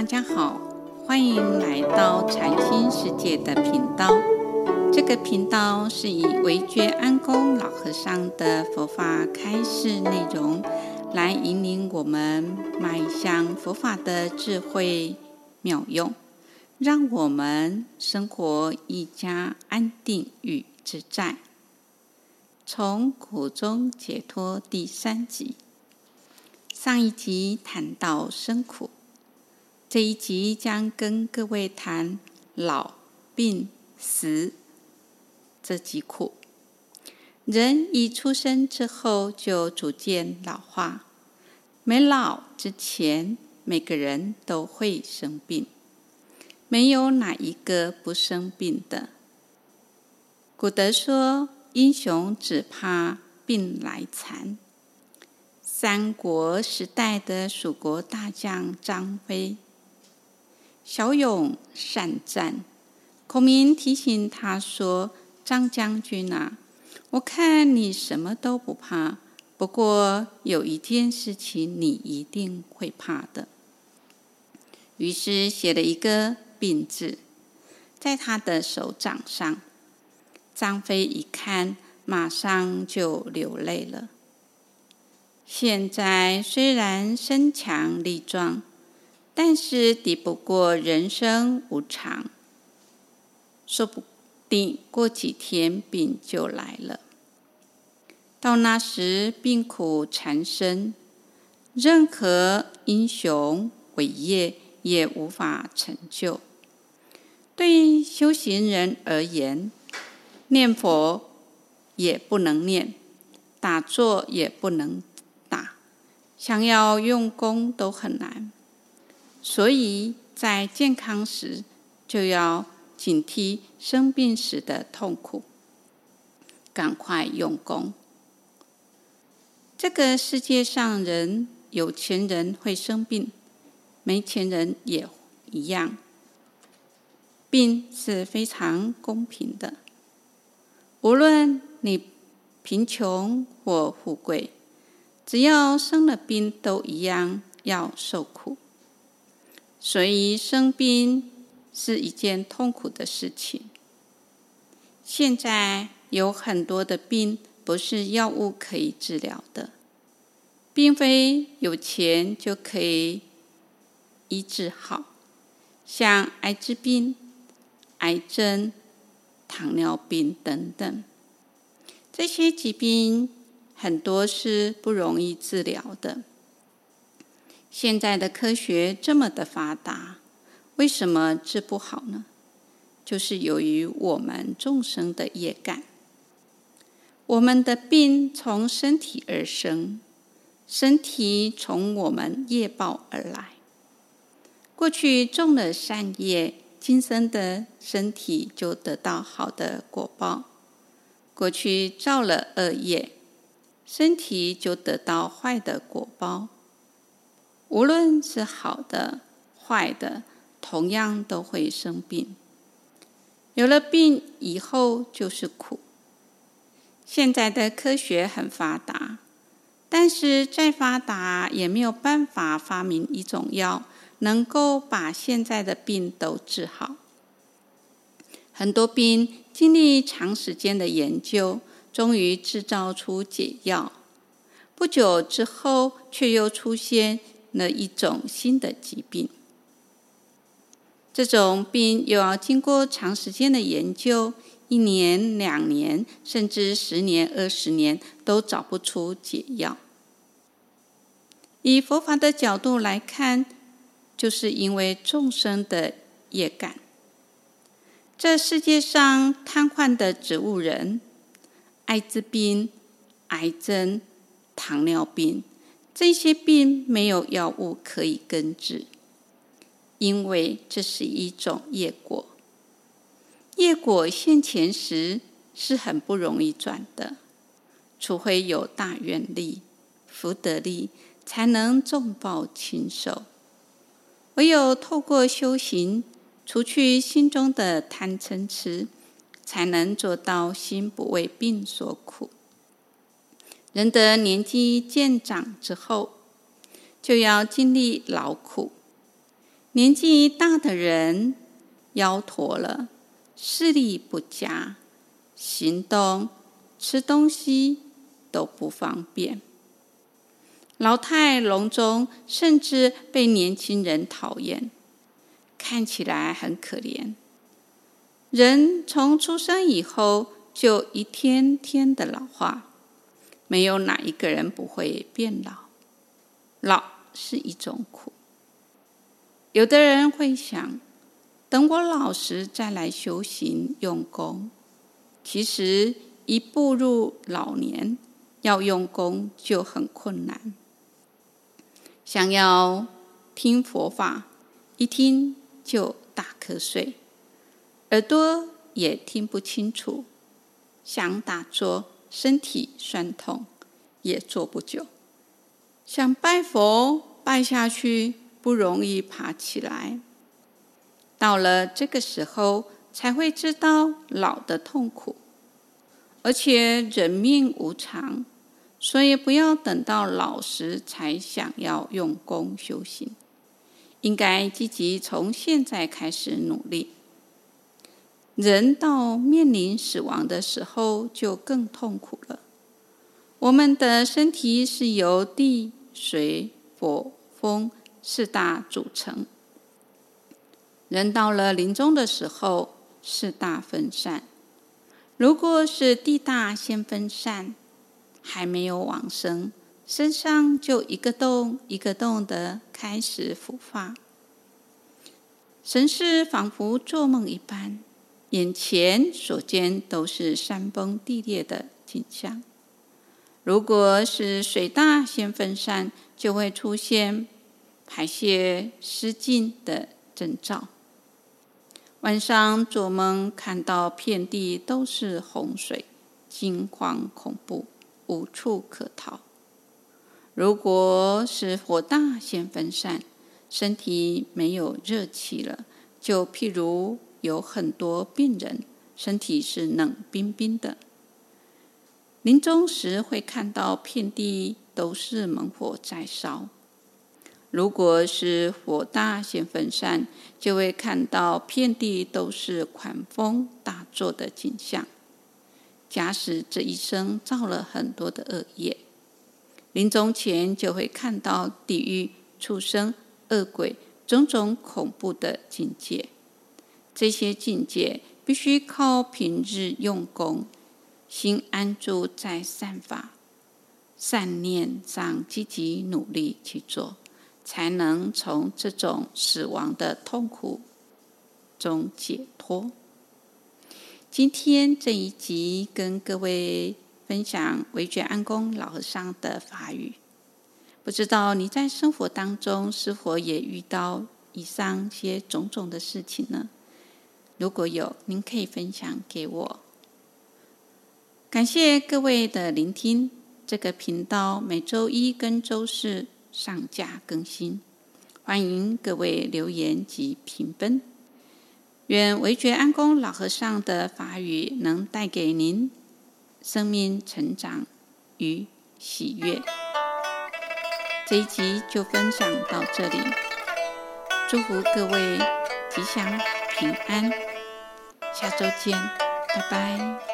大家好，歡迎來到禪心世界的頻道。這個頻道是以惟覺安公老和尚的佛法開示內容，來引領我們邁向佛法的智慧妙用，讓我們生活更加安定與自在，從苦中解脫。第三集，上一集談到生苦。這一集將跟各位談老、病、死這幾苦。人一出生之後就逐漸老化，沒老之前，每個人都會生病，沒有哪一個不生病的。古德說：“英雄只怕病來纏。”三國時代的蜀國大將張飛。驍勇善戰，孔明提醒他說：“張將軍啊，我看你什麼都不怕，不過有一件事情你一定會怕的。”於是寫了一個“病”字，在他的手掌上。張飛一看，馬上就流淚了。現在雖然身強力壯。但是抵不過人生無常，說不定過幾天病就來了。到那時病苦纏身，任何英雄偉業也無法成就。對於修行人而言，念佛也不能念，打坐也不能打，想要用功都很難。所以在健康時，就要警惕生病時的痛苦，趕快用功。這個世界上，人有錢人會生病，沒錢人也一樣。病是非常公平的，無論你貧窮或富貴，只要生了病，都一樣要受苦。所以生病是一件痛苦的事情。現在有很多的病不是藥物可以治療的，並非有錢就可以醫治好，像艾滋病、癌症、糖尿病等等，這些疾病很多是不容易治療的。現在的科學這麼的發達，為什麼治不好呢？就是由於我們眾生的業感。我們的病從身體而生，身體從我們業報而來。過去種了善業，今生的身體就得到好的果報；過去造了惡業，身體就得到壞的果報。無論是好的、壞的，同樣都會生病。有了病以後就是苦。現在的科學很發達，但是再發達也沒有辦法發明一種藥，能夠把現在的病都治好。很多病經歷長時間的研究，終於制造出解藥，不久之後卻又出現。那一種新的疾病，這種病又要經過長時間的研究，一年、兩年，甚至十年、二十年，都找不出解藥。以佛法的角度來看，就是因為眾生的業感。這世界上癱瘓的植物人、艾滋病、癌症、糖尿病。這些病沒有藥物可以根治，因為這是一種業果。業果現前時是很不容易轉的，除非有大願力、福德力，才能重報輕受，唯有透過修行，除去心中的貪嗔痴，才能做到心不為病所苦。人的年紀漸長之後，就要經歷老苦。年紀大的人腰駝了，視力不佳，行動、吃東西都不方便。老態龍鍾，甚至被年輕人討厭，看起來很可憐。人從出生以後，就一天天的老化。沒有哪一個人不會變老，老是一種苦。有的人會想，等我老時再來修行用功。其實，一步入老年，要用功就很困難。想要聽佛法，一聽就打瞌睡，耳朵也聽不清楚，想打坐，身體酸痛，也坐不久。想拜佛，拜下去不容易爬起來。到了這個時候，才會知道老的痛苦，而且人命無常，所以不要等到老時才想要用功修行，應該積極從現在開始努力。人到面臨死亡的時候，就更痛苦了。我們的身體是由地、水、火、風四大組成。人到了臨終的時候，四大分散。如果是地大先分散，還沒有往生，身上就一個洞一個洞的開始腐化，神識仿佛做夢一般。眼前所見都是山崩地裂的景象。如果是水大先分散，就會出現排泄失禁的徵兆。晚上做夢看到遍地都是洪水，驚慌恐怖，無處可逃。如果是火大先分散，身體沒有熱氣了，就譬如。有很多病人身體是冷冰冰的，臨終時會看到遍地都是猛火在燒。如果是火大先分散，就會看到遍地都是狂風大作的景象。假使這一生造了很多的惡業，臨終前就會看到地獄、畜生、惡鬼種種恐怖的境界。這些境界必須靠平日用功，心安住在善法、善念上積極努力去做，才能從這種死亡的痛苦中解脫。今天這一集跟各位分享惟覺安公老和尚的法語。不知道你在生活當中是否也遇到以上些種種的事情呢？如果有，您可以分享給我。感謝各位的聆聽，這個頻道每周一跟周四上架更新，歡迎各位留言及評分。願惟覺安公老和尚的法語能帶給您生命成長與喜悅。這一集就分享到這裡，祝福各位吉祥平安。下週見，拜拜。